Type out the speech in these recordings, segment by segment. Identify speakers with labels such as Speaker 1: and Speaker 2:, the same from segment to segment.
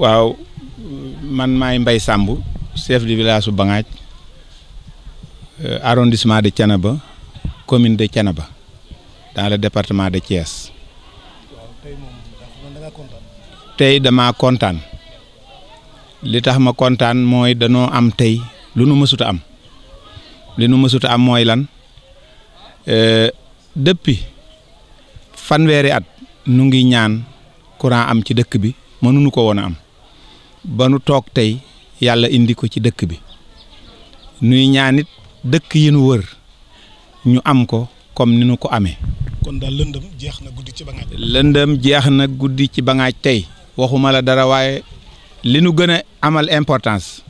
Speaker 1: waaw man maay mbay Samb chef de village su Bangaaj euh, arrondissement de Thiénaba commune de Thiénaba dans le département de Thiès tey dama kontaan li tax ma kontaan mooy danoo am tey lu nu mësuta am li nu mësuta am mooy lan euh, depuis fanweeri at nu ngi ñaan courant am ci dëkk bi mënuñu ko woon a am ba nu toog tey yàlla indi ko ci dëkk bi nuy ñaanit dëkk yi nu wër ñu am ko comme ni nu ko amee. kon daal lëndëm jeex na guddi ci bangaaj. lëndëm jeex na guddi ci bangaaj tey waxuma la dara waaye li nu gën a amal importance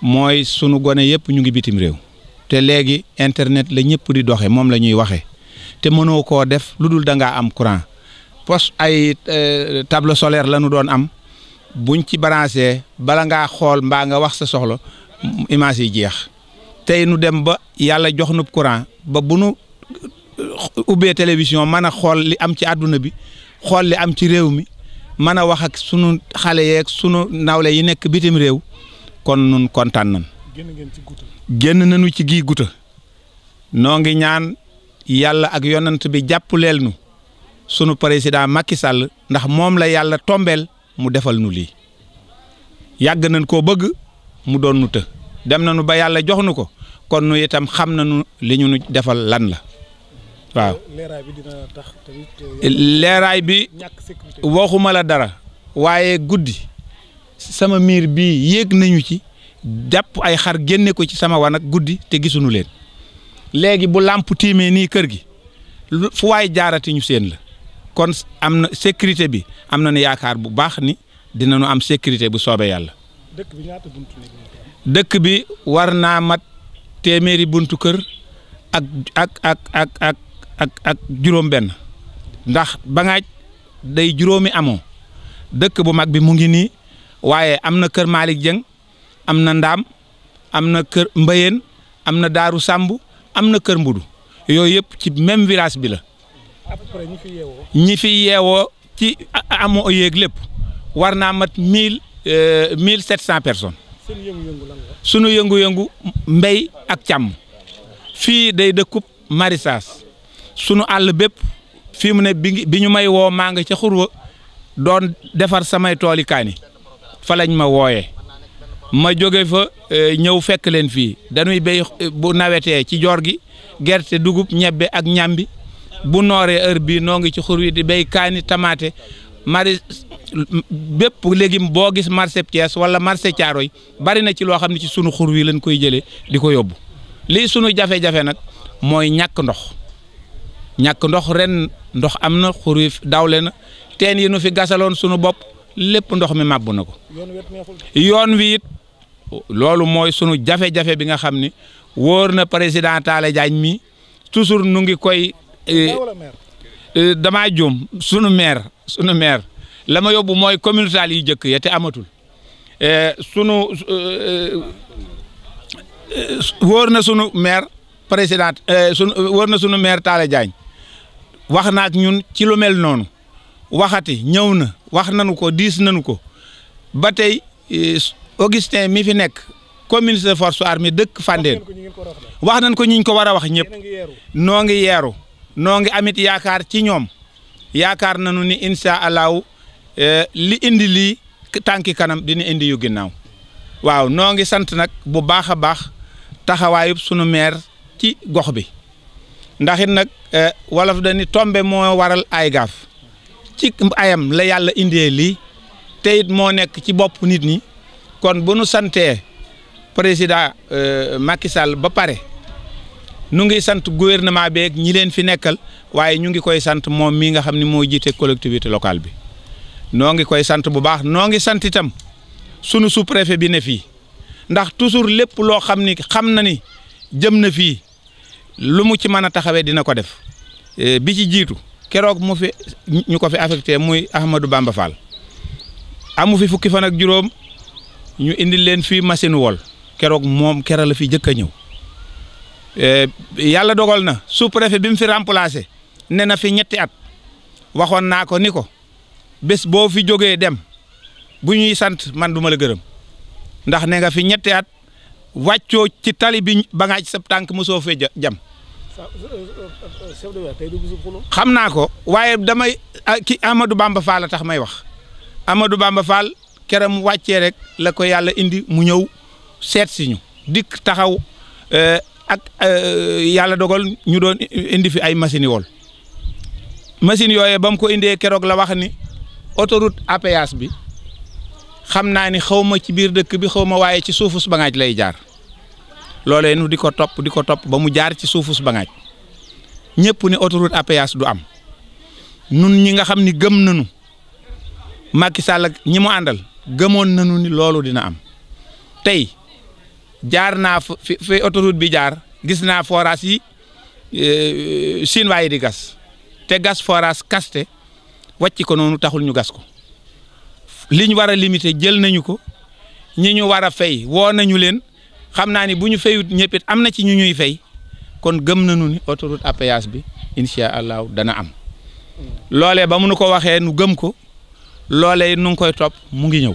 Speaker 1: mooy sunu gone yëpp ñu ngi bitim réew. te léegi internet la ñëpp di doxe moom la ñuy waxe te mënoo ko def lu dul da am courant poste ay euh, table solaire la nu doon am. buñ ci branché bala ngaa xool mbaa nga wax sa soxla image yi jeex tey nu dem ba yàlla jox nu courant ba bu nu uh, ubbee télévision mën a xool li am ci àdduna bi xool li am ci réew mi mën a wax ak sunu xale yeeg sunu nawle yi nekk bitim réew kon nun kontaan nan génn nañu ci gii guta noo ngi ñaan yàlla ak yonant bi jàpp jàppaleel nu sunu président Macky Sall ndax moom la yàlla tombeel mu defal nu lii yàgg nañ koo bëgg mu doon nu të dem nañu ba yàlla jox nu ko kon nu itam xam nañu li ñu nu defal lan la waaw. leeraay bi dina eh, waxuma la dara waaye guddi sama miir bi yéeg nañu ci jàpp ay xar génne ko ci sama wanag guddi te gisuñu leen léegi bu làmp tiimee nii kër gi fu waay jaarati ñu seen la. kon am na sécurité bi am na nu yaakaar bu baax ni dinañu am sécurité bu soobee yàlla. dëkk bi war naa mat téeméeri buntu kër ak ak ak ak ak juróom-benn ndax baŋaaj day juróomi amoo dëkk bu mag bi mu ngi nii waaye am na kër Malick Dieng am na Ndaam am na kër Mbayeen am na Daaru Sàmb am na kër Mbudu yooyu yëpp ci même village bi la. à ñi fi yeewoo. ci amoo yeeg lépp war naa mat mille euh, mille sept cent personnes. sunu yëngu-yëngu lan la. sunu ak càmm fii day dëkkub maraîchage sunu àll bépp fii mu ne bi ñu may woo maa nga ca xurwa doon defar samay tool yi kaani fa lañ ma wooyee ma jóge fa euh, ñëw fekk leen fii dañuy béy euh, bu nawetee ci joor gi gerte dugub ñebbe ak ñambi bu nooree heure bii noo ngi ci xur wi di béy kaani tamaate mari bépp légume boo gis marché Thiès wala marché Thiaroye bari na ci loo xam ne ci sunu xur wi lañ koy jëlee di ko yóbbu lii sunu jafe-jafe nag mooy ñàkk ndox ñàkk ndox ren ndox am na xur wi dawle na teen yi nu fi gasaloon sunu bopp lépp ndox mi màbbu na ko yoon wi loolu mooy sunu jafe-jafe bi nga xam ni wóor na président Talla Diagne mi toujours nu ngi koy Eh, eh, damaa juum sunu maire sunu maire la ma yóbbu mooy communautal yi jëkk ya te amatul eh, sunu wóor na sunu maire présidente sunu wóor na sunu maire Talla Diagne wax na ñun ci lu mel noonu waxati ñëw na wax nanu ko diis nanu ko ba tey Augustin mi fi nekk commune de force armée dëkk Fandène wax nañ ko ñi ñu ko war a wax ñëpp noo ngi yeeru noo ngi amit yaakaar ci ñoom yaakaar nañu ni incha allahu eh, li indi lii tànki kanam dina indi yu ginnaaw waaw noo ngi sant nag bu baax a baax taxawaayu sunu maire ci gox bi ndaxit it nag eh, wolof dani tombe moo waral ay gaaf ci ayam la yàlla indee lii te moo nekk ci bopp nit ñi kon bu nu santee président eh, Macky Sall ba pare. nu ngi sant gouvernement beeg ñi leen fi nekkal waaye ñu ngi koy sant moom mii nga xam ni moo jiite collectivité locale bi noo ngi koy sant bu baax noo ngi sant itam sunu sous-préfet bi ne fii ndax toujours lépp loo xam ni xam na ni jëm na fii lu mu ci mën a taxawee dina ko def eh, bi ci jiitu keroog mu fi ñu ko fi affecté muy Ahmadou Bamba Fall amu fi fukki fan ak juróom ñu indil leen fii machine wol keroog moom kera la fi jëkk a ñëw Eh, yàlla dogal na sous-préfet bi mu fi remplacé ne na fi ñetti at waxoon naa ko ni ko bés boo fi jógee dem bu ñuy sant man du ma la gërëm ndax ne fi ñetti at wàccoo ci tali bi ba ngaaj sa tànk mosoo fee jam xam naa ko waaye damay ki Amadou Bamba Fall a tax may wax Amadou Bamba Fall keroog mu wàccee rek la ko yàlla indi mu ñëw seet si ñu dikk taxaw. Eh, ak euh, yàlla dogal ñu doon indi fi ay machines yi wol machines yooyee ba ko indee keroog la wax ni autoroute à bi xam naa ni xawma ci biir dëkk bi xaw ma waaye ci suufus bangaaj lay jaar loole nu di ko topp di ko topp ba mu jaar ci suufus bangaaj ñëpp ni autoroute à péage du am nun ñi nga xam ni gëm nañu Macky Sall ak ñi mu àndal gëmoon nañu ni loolu dina am tey jaar naa fi fi autoroute bi jaar gis naa forage yi euh, Chine waaye di gas te gas forage kaste wàcc ko noonu taxul ñu gas ko li ñu war a limité jël nañu ko ñi ñu war a fay woo nañu leen xam naa ni bu ñu fayut ñëpp am na ci ñu ñuy fay kon gëm nañu ni autoroute à bi incha allahu dana am loole ba mu nu ko waxee nu gëm ko loole nu ngi koy topp mu ngi ñëw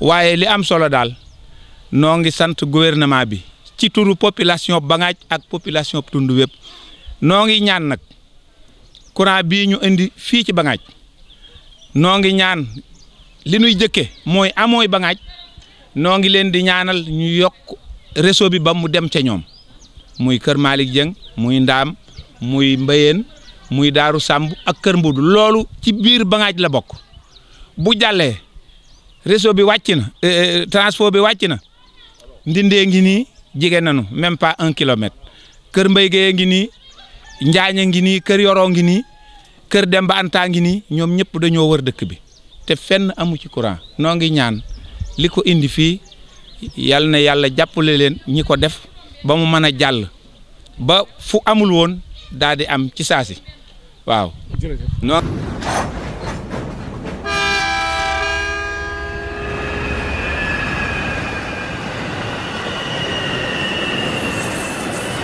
Speaker 1: waaye li am solo daal. noo ngi sant gouvernement bi ci turu population Bangaaj ak population tund wépp noo ngi ñaan nag courant bii ñu indi fii ci Bangaaj noo ngi ñaan li nuy jëkke mooy amooy Bangaaj noo ngi leen di ñaanal ñu yokk réseau bi ba mu dem ce ñoom muy kër Malick Dieng muy Ndaam muy Mbayeen muy Daaru Sàmb ak kër Mbudu loolu ci biir Bangaaj la bokk bu jàllee réseau bi wàcc na euh, euh, transport bi wàcc na ndindee ngi nii jige nañu même pas un kilomètre kër mbay gee ngi nii njaaña ngi nii kër yoroo ngi nii kër Demba Anta ngi nii ñoom ñëpp dañoo wër dëkk bi te fenn amu ci courant noo ngi ñaan li ko indi fii yal na yàlla jàppale leen ñi ko def ba mu mën a jàll ba fu amul woon daal di am ci saasi waaw.